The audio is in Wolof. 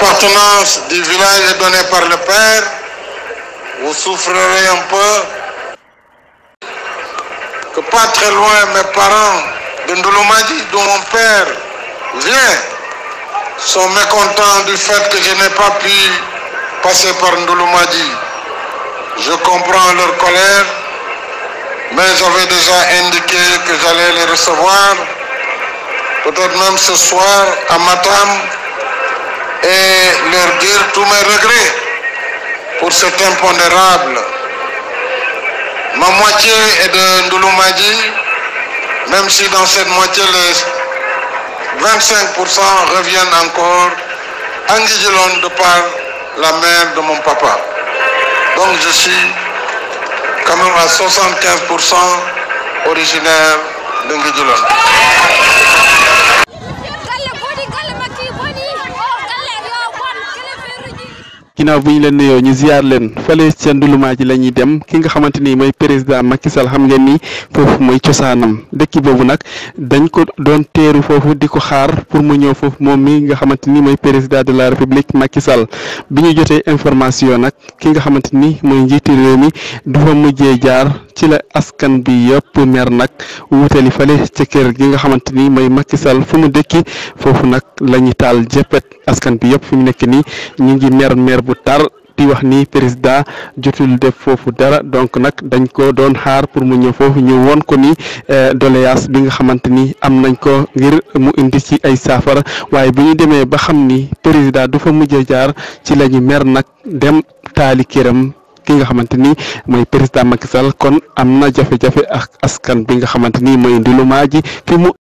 L'appartenance du village est donnée par le Père. Vous souffrerez un peu. Que pas très loin, mes parents de Ndouloumadi, dont mon père vient, sont mécontents du fait que je n'ai pas pu passer par Ndouloumadi. Je comprends leur colère, mais j'avais déjà indiqué que j'allais les recevoir, peut-être même ce soir à Matam, et leur dire pour cet impondérable. Ma moitié est même si dans cette moitié, les 25% reviennent encore à Ngidjelon de par la mère de mon papa. Donc je suis quand même ginnaaw bu ñu leen nuyoo ñu ziar leen fële seen dulumaa ji la ñuy dem ki nga xamante ni mooy président Macky Sall xam ngeen ni foofu mooy cosaanam dëkk boobu nag dañ ko doon teeru foofu di ko xaar pour mu ñëw foofu moom mi nga xamante ni mooy président de la république Macky Sall bi ñu jotee information nag ki nga xamante ni mooy njiiti réew mi du fa mujjee jaar ci la askan bi yëpp mer nag wutali fële ca kër gi nga xamante ni mooy Macky Sall fu mu dëkki foofu nag la ñu taal jëppet askan bi yëpp fi mu nekk nii ñu ngi mer mer. bu tar di wax ni président jotul def foofu dara donc nag dañ ko doon xaar pour mu ñëw foofu ñëw woon ko ni euh, doléance bi nga xamante ni am nañ ko ngir mu indi ci ay saafara waaye bu ñu demee ba xam ni président du fa mujj jaar ci la ñu mer nag dem taali këram ki nga xamante ni mooy président Macky kon am na jafe-jafe ak askan bi nga xamante mooy nduluma ji fi mu